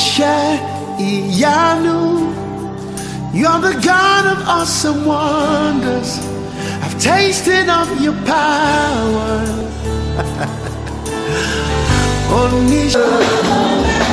Shaiyanu. You're the God of awesome wonders. I've tasted of your power. Onisha.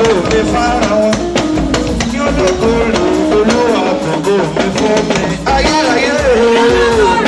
ògo mi fara wọn tí ó dògbò rè olúwa ògo mi fún mi ayérayé.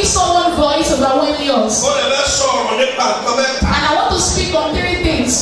If someone voice overwhelm yours, and I want to speak on three things.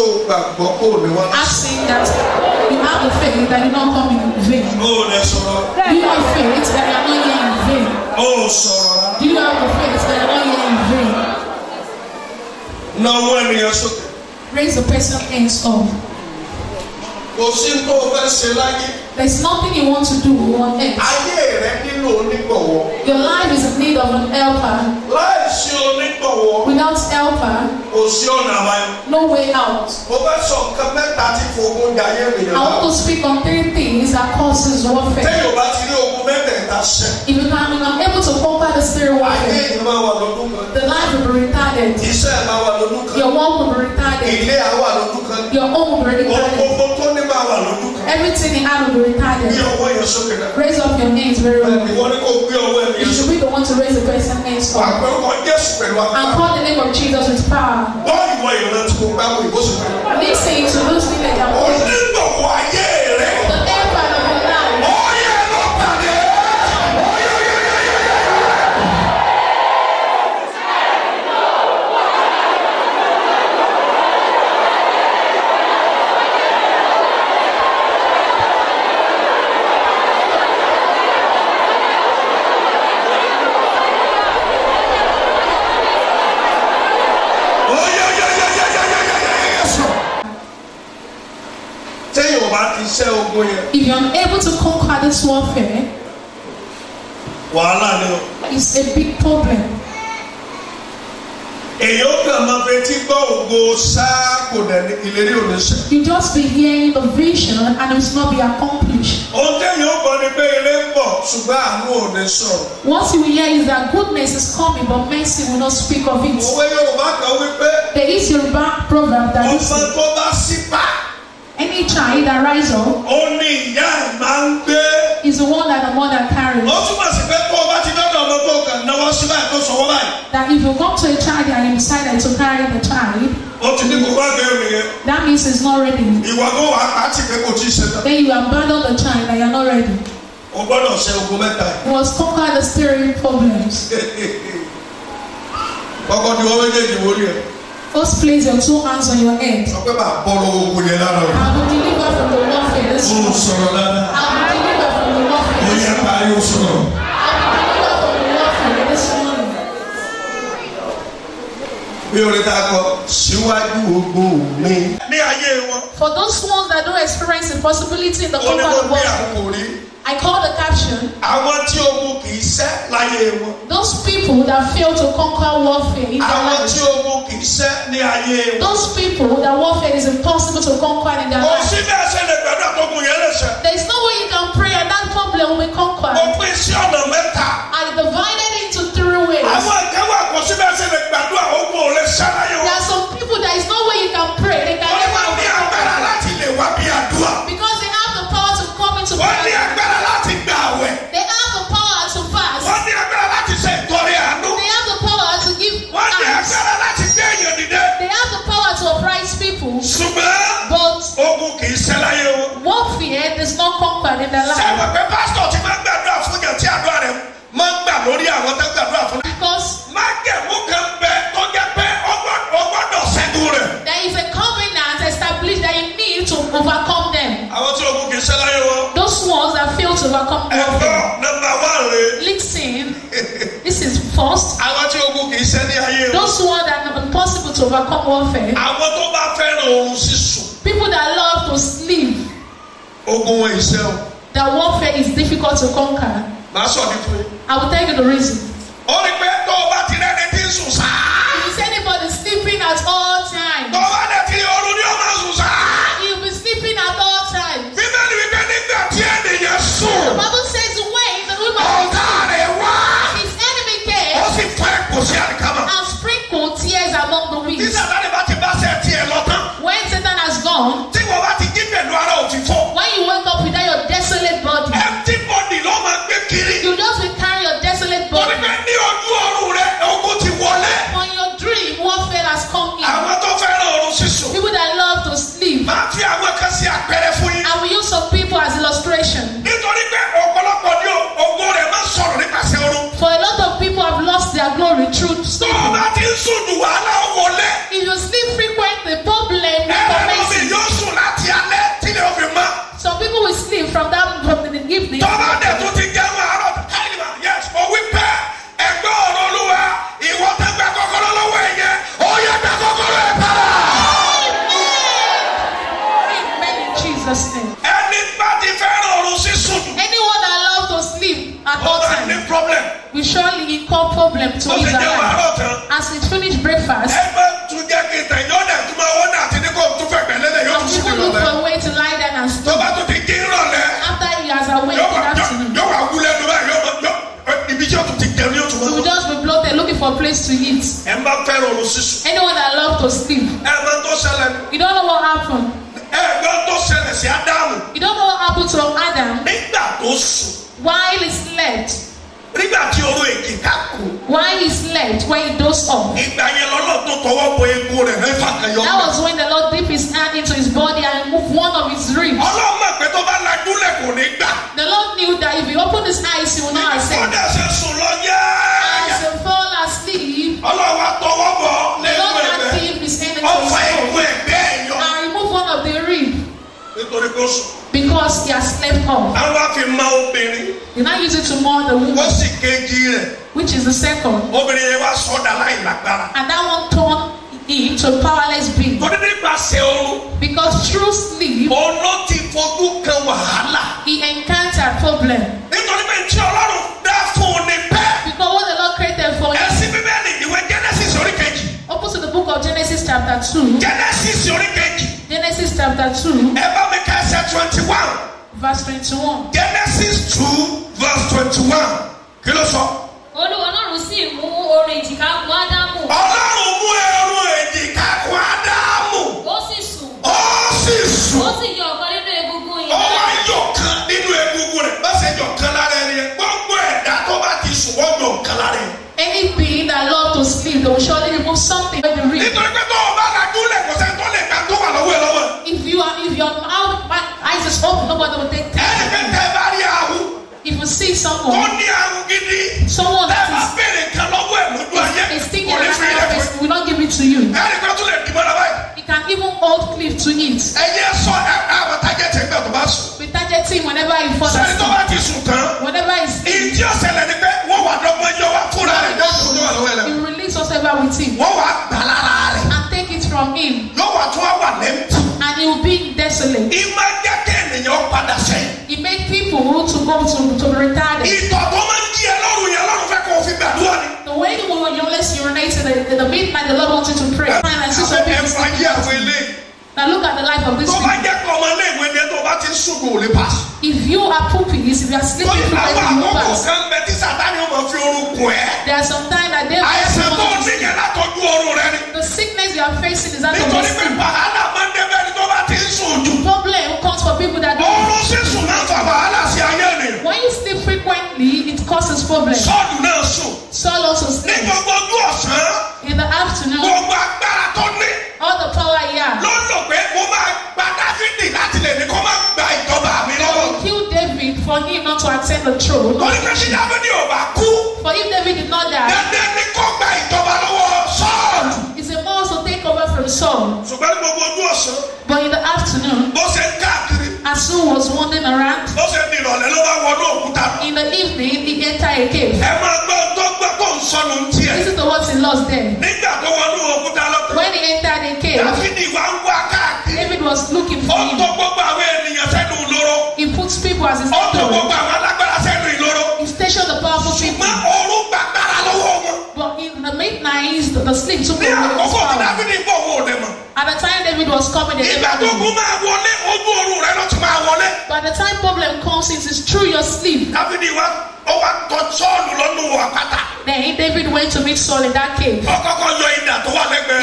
tó gbàgbọ́ kó o ní wọn. asking that you have the faith that you don come in vain. o lè sọ̀rọ̀. you have faith that you are not here in vain. o sọ̀rọ̀. you have the faith that you are not here in vain. na owó ènìyàn sókè. raise the person hands up. kò sí tó o fẹ́ ṣe láyé. there is nothing you want to do on earth. ayé rẹ ní nílò onígbọ̀wọ́. Your life is in need of an helper. Láì sí onígbọ̀wọ́. Without helper. Kò sí ọ̀nà àbáyọ. No way out. Mo fẹ́ sọ nǹkan mẹ́ta tí fògùn dayé mi nà. I want to speak on three things that causes warfare. Tẹ́yìn ò bá ti rí ogun mẹ́tẹ̀ẹ̀ta ṣẹ. If you can I'm able to conquer the spirit warfare. Ayé ìlú wà lọ́dún kan. The life will be retarded. Iṣẹ́ máa wà lọ́dún kan. Your work will be retarded. Ilé àwa lọ́dún kan. Your home will be retarded. Everything in hand will be retarded. Raise up your hands very well. You should be the one to raise the person's hands for. And call the name of Jesus with power. These things will lose me like if you are unable to conquer this warfare. wàhálà ni o. it's a big problem. èyí ó kàn máa fi etí gbọ́ ògo sáà kò dẹ̀ ní ìlérí òní sẹ́. you just be hearing the vision and it will not be accomplished. ohun tẹ̀yìn ó gbọ́ ni pé ilé ń bọ̀ ṣùgbọ́n àánú òní sọ̀rọ̀. what you hear is that goodness is coming but mercy will not speak of it. òwe Yorùbá kan wí there is Yorùbá proverb that is. ọmọ tó bá sí pa. Any child that rise up. Ó ìyá ẹ̀ máa ń gbé. Is the one that the mother carries. Ó túmọ̀ sí pé tó o bá ti dọ́dọ̀ ọmọ tó kàn náwó sí tó sọ̀wọ́ báyìí. That if you come to a child and you decide to carry the child. Ó ti ní kó bá bẹ̀rù nìyẹn. That means it's not ready. Ìwà náà wà á ti pé kò tí ì ṣẹlẹ̀. Then you abandon the child and are not ready. O gbọ́dọ̀ ṣe ogun mẹ́ta. You must conquer the steering problems. Kọ́kọ́ ni wọ́n méjèèjì wọlé ẹ̀. First place your two hands on your head. Sọ pé màá bọ́ lọ́wọ́ ogun yẹn lára o. I will deliver from the warfare this Mo sọ̀rọ̀ dáadáa. I will deliver from the warfare this week. Mo yẹ sọ̀rọ̀. I will deliver from the warfare this morning. Bí orin ta kọ, síwájú ogun mi. Ní ayé wọn. For those ones that don't experience impossibility in the cover the world. Onímọ̀ bí àkòrí. I call the caption. Àwọn tí ogun kì í ṣẹ́ láyé wọn. Those people that fail to conquer warfare in their life. Àwọn tí ogun kì í Those people that warfare is impossible to conquer in their life. overcome warfare. àwọn tó bá fẹ́ràn oorun sísùn. people that love to sleep. ogun wọn iṣẹ́ that warfare is difficult to conquer. màá sọ ní fún yín. I will tell you the reason. ó rí pé the truth. Tó o to sleep. you don't know what happened. you don't know what happened to Adam. while he slept. nígbà while he slept when he does off. that was when the Lord dip his hand into his body and move one of his ribs. the Lord knew that if he opened his eyes he would not accept. as he fall asleep. ló because he has slept on. a wá fi ma obìnrin. he now use it to mourn the woman. wọ́n sì which is the second. and that one turn him to powerless being. torí nípasẹ̀ because through sleep. ọ̀nà ti fojú he encountered problem. because what the Lord created for him. Genesis open to the book of Genesis chapter two. Genesis chapter 2. Ẹ bá mi twenty one. verse twenty one. Genesis two verse twenty one kí ló sọ. Olúwa Ọlọ́run sì mú orun èjìká kún Ádámù. Ọlọ́run mú orun èjìká kún Ádámù. Ó sì sùn. Ó sì sùn. Ó sì yọ ọ̀kan nínú egungun yìí. Ó wá yọ kan nínú egungun rẹ̀ bá ṣe yọ kan lára ẹni rẹ̀ gbogbo ẹ̀dá tó bá ti sùn wọ́n yọ kan lára ẹ̀. Any being that love to sleep don surely remove something when you read. Nítorí pé bọ́ọ̀. your mouth eyes is open nobody will take time. If you see someone, someone that is, is, is thinking about that person will not give it to you. It can even hold cliff to it. We target him whenever he falls asleep. Whenever he's asleep, he release whatever with him and take it from him. And he will be mentally. Ìmọ̀ jẹ́ kí ènìyàn padà sẹ́yìn. "He made people want to go to to be retarded. máa ń di ẹ yẹn lọ́rùn fẹ́ kó o fi gbàdúrà ni. The way the woman you always urinate in the, the, the midnight the Lord wants you to pray. Ẹ ẹ fà àwọn eléyìí. Now look at the life of this. Tó bá jẹ́ kọ́ ọmọ ilé ìwé If you are pooping, if you are sleeping, you are pass. Lóyún There are some times that they. are. tó The sickness you are facing is that of your sleep. Problem comes for people that don't. Oorun sísun When you sleep frequently, it causes problems. Sọ́ọ̀lù náà sùn. also sleep. protect the truth. torí pé ṣe dábẹ́ ò bá kú. for if David did not die. dandan ni kò gba ìjọba lọ́wọ́ Sọ́ọ̀lù. it's a must to take over from Saul. ṣùgbọ́n gbogbo ojú ọ̀sán. but in the afternoon. bó ṣe ń káàkiri. as Saul was wandering around. bó ṣe ní ìrọ̀lẹ́ ló bá wọnú òkúta. in the evening he entered a cave. ẹ máa gbọ́ tó gbọ́ kó ń sọnù ń tiẹ̀. listen to what he lost there. nígbà tó wọnú òkúta lọ. when he entered a cave. Dáfídì wá ń wá káàkiri. David was looking for him. ó tó gbogbo àwọn ènìyàn sẹ́nu lóró. he puts people as his mentor. ó tó gbogbo àwọn recognized the slave. So ní àkókò tí Dáfídì bọ̀ At the time David was coming, they Ìgbà By the time problem comes, it is through your sleep. Then David went to meet Saul in that cave.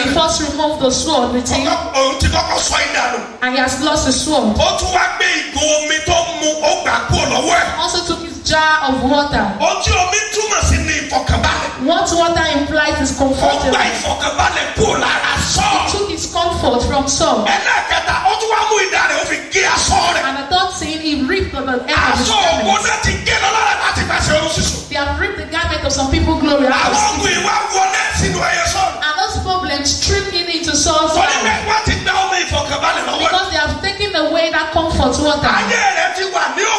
He first removed the sword with him. And he has lost the sword. Also took jar of water. Ohun omi túmọ̀ sí ni ìfọ̀kànbalẹ̀. What water implies is comfort. Ó gba ìfọ̀kànbalẹ̀ lára Saul. He took his comfort from Saul. Ẹlẹ́kẹta, ó tún mú ìdá rẹ̀, ó fi gé aṣọ rẹ̀. And the third thing, he ripped the end of his garment. Aṣọ òwò náà ti gé lọ lára láti máa orun sísun. They have ripped the garment of some people glory. Àwọn ogun ìwà wọlé sínú ẹyẹ Saul. And those problems trickling into Saul's life. Wọ́n ní ti gba omi ìfọ̀kànbalẹ̀ lọ́wọ́. Because they have taken away that comfort water. Ayé rẹ̀ ti wà ní òkè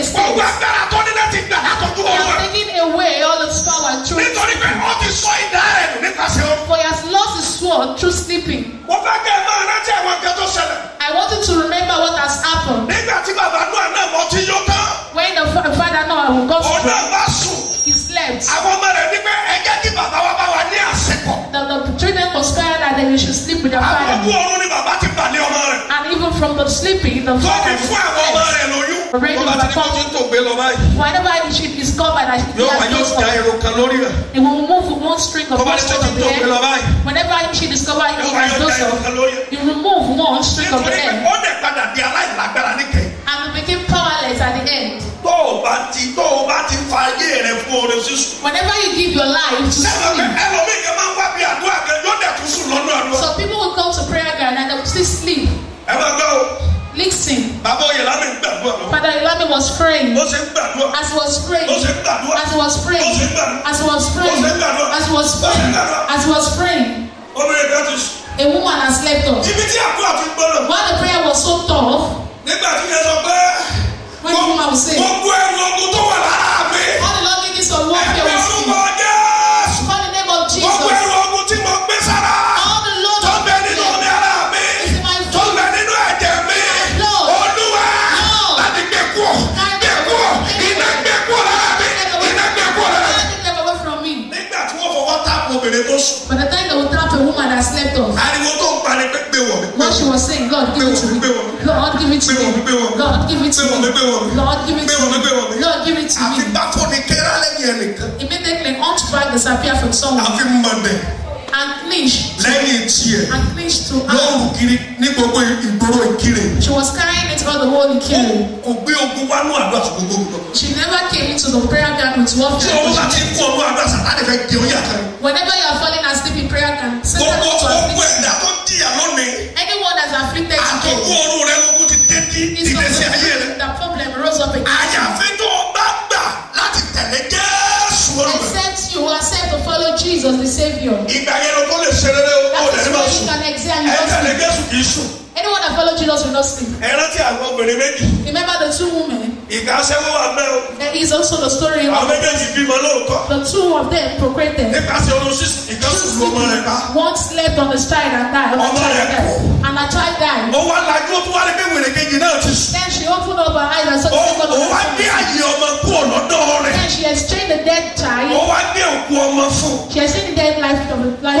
his face. Gbogbo away all his power through. For he has lost his sword through sleeping. I want you to remember what has happened. When the father Noah was gone. Òun náà The the children was tired and they should sleep with their father. And even from the sleeping the father already performed. Whenever the sheep is covered, I no, has It will remove one string of goats from the head. Whenever the sheep is covered, it has those of. You remove one string of the head. And we became powerless at the end. whenever you give your life to sin. so people will come to prayer ground and they will still sleep. ẹ máa Listen. Bàbá Oyèlámì ń gbàdúrà lọ. Father Oyèlámì was praying. Ó ṣe ń gbàdúrà. As he was praying. Ó ṣe ń gbàdúrà. As he was praying. Ó ṣe ń gbàdúrà. As he was praying. Ó ṣe ń gbàdúrà. As he was praying. As he was praying. Obìnrin kan ti sùn. A woman has slept off. Ibi tí àdúrà ti gbọ́dọ̀. While the prayer was so tough. Nígbà tí yẹn sọ pé. When the woman was saying. Gbogbo ẹ̀rù ogun tó wà lára mi. All the loneliness of warfare. angels. ariwo tó ń parí pé gbé wọ̀ mí. what she was saying Lord give it to me Lord give it to me Lord give it to me Lord give it to me Lord give it to me. àfi bákò ní kẹ́rẹ́ lẹ́yìn ẹnìkan. immediately unto bag disappear from somewhere. àfi mọ̀dẹ̀ and clinch. lẹ́yìn tiẹ̀. and clinch to her. lóòrùn kiri ní gbogbo ìgboro ìkiri. she was carrying it all the whole ìkiri. kò gbé ogun wá ní àdúrà sí gbogbo she never came into the prayer garden with one foot. o bá ti kú ọdún àdúrà sàtánì fẹ́ jẹun yàtọ̀. whenever you are falling anyone that's afflicted today. the problem rose up again. àyàfi tó you are set to follow Jesus the Savior. ìgbà yẹn ló lè ṣe rere o. that is where you can excel sùn. Anyone that follow Jesus will not sleep. Remember the two women. There is also the story of. The two of them procreated. Nípasẹ̀ One slept on the side and died. And her child died. Ó Then she opened up her eyes and saw the second one. Then she exchanged the dead child. She exchanged the dead life of the life.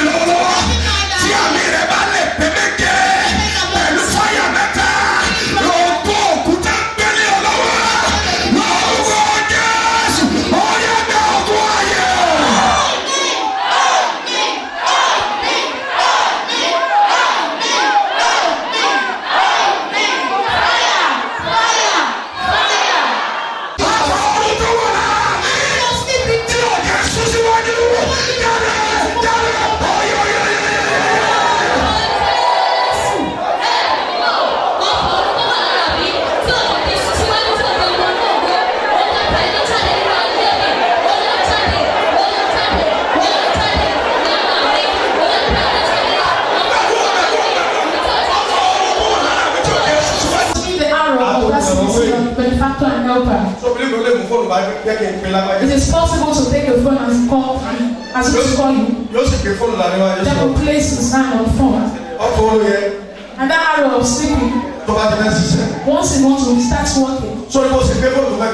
It is possible to take your phone and call as it is calling. Yóò will place his hand on phone. Ọkọ̀ olú yẹ. And that arrow of sleeping. Once in a while he starts working. Sori mo sì gbé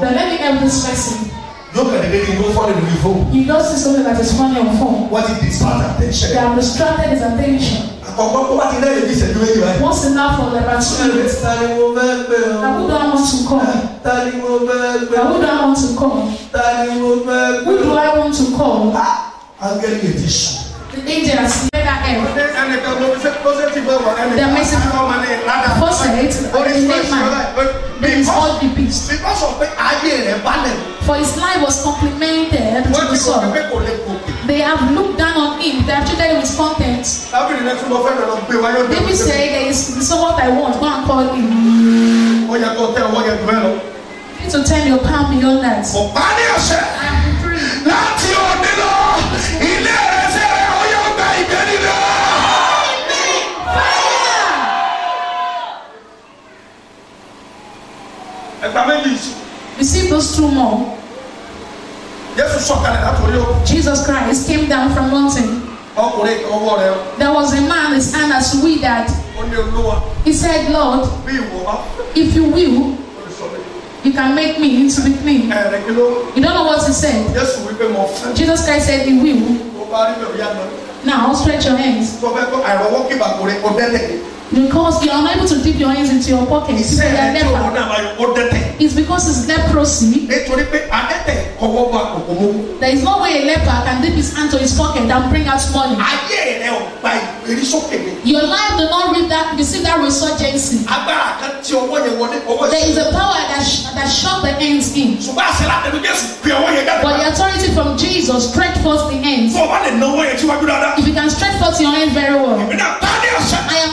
Then let me help this person. Look at the kí n tó fọ́ọ̀nù lórí fóònù. You don't see something that is funny on phone. What is this part attention? They are distracted his attention ọgbọ́n kó bá ti rẹ́rìn bí ìṣẹ́jú méjì báyìí. wọ́n sì ná fún liberation. ta ni mo fẹ́ pè ọ́. àbúdá wọn tún kọ́. ta ni mo fẹ́ pè ọ́. àbúdá wọn tún kọ́. ta ni mo fẹ́ pè ọ́. who do I want to call. ah angel yẹn ti sùn. the angel has made that end. ọdẹ ẹnìkan ló ṣe ló ṣe ti bẹ wọ ẹnìkan. the message ọmọ ní ìlànà. the first night. orí ìṣòro ẹ For his life was complimented with the sword. They have looked down on him. They have treated him with contempt. David said, There is what I want. Go and call him. You need to turn your palm beyond that. I'm free. Ẹgbàá méjì. You see those two more. Jesus Christ came down from mountain. There was a man, his hand as we that. He said, Lord, if you will, you can make me into the clean. You don't know what he said. Jesus Christ said, He will. Now stretch your hands. Because you are unable to dip your hands into your pocket. Ìṣe ẹjọ́ òun náà It's because it's leprosy. There is no way a leper can dip his hand to his pocket and bring out money. Your life do not read that receive that resurgency. There is a power that sh that shot the ends in. But the authority from Jesus stretch forth the ends. If you can stretch forth your hand very well. I am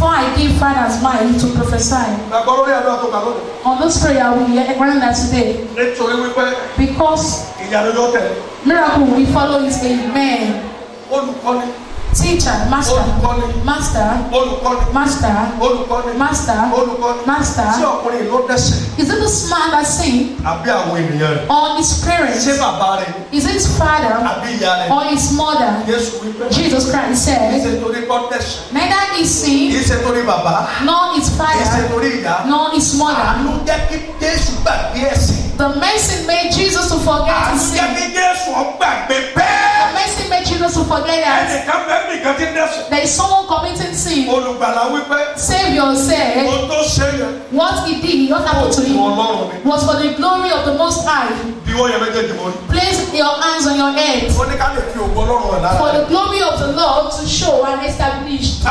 Before I give fathers mind to prophesy. On this prayer we grant that today. Because. Miracle we follow his amen. teacher master master master master master is it this man that sin or his parents is it his father or his mother Jesus Christ said neither is sin nor his father nor his mother The mercy made Jesus to forget his sin. The mercy made Jesus to forget that. There is someone committing sin. Savior said, What he did, what happened to him, was for the glory of the Most High. Place your hands on your head. For the glory of the Lord to show and establish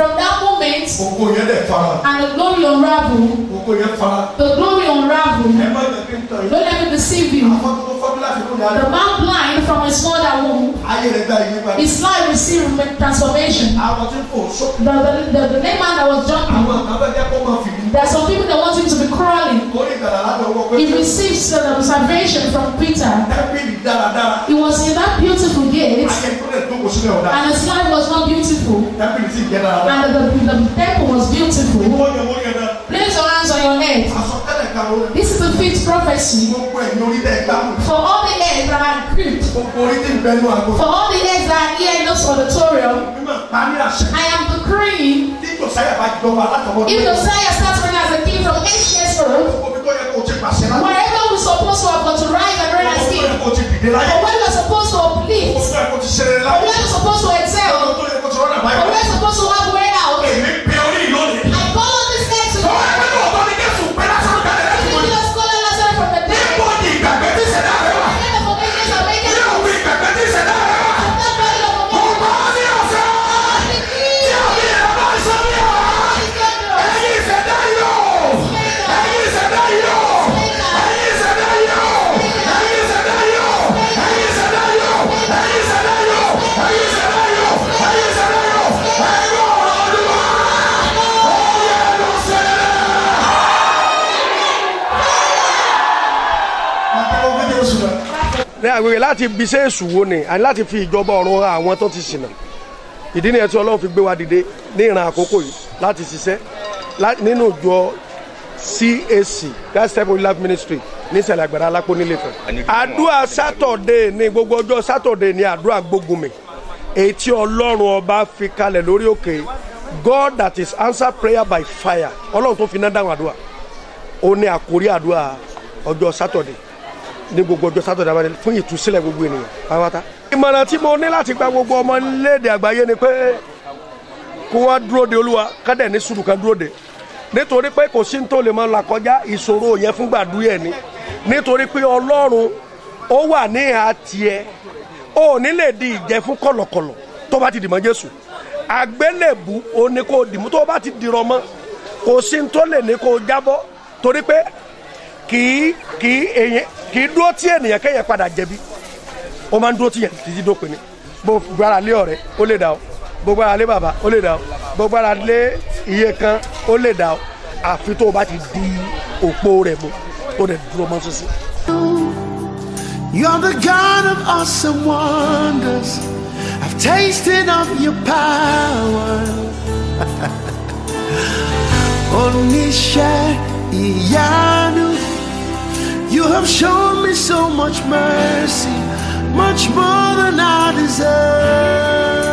from that moment. gbogbo yẹn dẹ̀ fara. and the glory unravel. gbogbo yẹn fara. the glory unravel. ẹ má jẹ́ kí don't let me deceive you. àfọ̀tò fọ́bílà fi the man blind from his mother womb. ayé rẹ̀ gba ìyẹn his life received transformation. àwọn tí kò so. the the the man that was jumping. àwọn kan jẹ́ kó máa fi. there are some people that want him to be crawling. ó ìgbàlá láti ọwọ́ pé. he receives the observation from Peter. ẹ bí dáradára. he was in that beautiful gate. ayé tó tó kò sílẹ̀ ọ̀dà. and his life beautiful. And the, the, the temple was beautiful. Place your hands on your head. This is a fifth prophecy. For all the heads that are gripped. For all the heads that are here in this auditorium. I am decreeing. If Josiah starts running as a king from ancient Rome. Wherever supposed to have got to rise and reign as king. But when you're supposed to uplift, but when you're supposed to excel, but when you're supposed àwèrè láti bisẹ́ èṣù wo ni àti láti fi ìjọba ọ̀run ra àwọn tó ti ṣìnà ìdí nìyẹn tí ọlọ́run fi gbé wa dìde ní ìran àkókò yìí láti ṣiṣẹ́ nínú ìjọ CAC Christ Temple Life Ministry ní sẹ̀lẹ̀ àgbàdo alápò nílé fẹ̀. àdúrà sátọ̀dé ni gbogbo ọjọ́ sátọ̀dé ni àdúrà gbógunmi èyí tí ọlọ́run ọba fi kalẹ̀ lórí òkè God that is answer prayer by fire ọlọ́run tó fi iná dáhùn àdúrà ó ní àkórí àdúrà ọjọ́ sátọ̀dé ní gbogbo ọjọ́ sátọ̀dá bá dé fún ìtúsílẹ̀ gbogbo ènìyàn pátá. ìmọ̀ràn tí mo ní láti gba gbogbo ọmọ léde àgbáyé ni pé kó wá dúró de olúwa kádẹ̀ ní sùúrù kan dúró de nítorí pé kò sí ní tó lè máa là ìṣòro yẹn fún gbàdúyẹ̀ ni nítorí pé ọlọ́run ó wà ní ìhà tiẹ̀ ó ní lè di ìjẹ fún kọ̀lọ̀kọ̀lọ̀ tó bá ti dìmọ̀ jésù àgbélébù ó ní kó dìmú tó bá ti dìrọ̀ mọ́ kò sí ní tó lè ní kó jábọ́ torí pé kì í èyàn kì dúró tí ènìyàn kẹ́yìn padà jẹ̀bi ó máa ń dúró tí yẹn títí dópin ni gbogbo ara lé ọ̀rẹ́ ó lè dà o gbogbo ara lé bàbá ó lè dà o gbogbo ara lé iye kan ó lè dà o àfi tó o bá ti di òpó rẹ̀ mọ́ ó lè dúró mọ́ sísè. You're the God of awesome wonders. I've tasted of your power. Onisha, Iyanu. You have shown me so much mercy, much more than I deserve.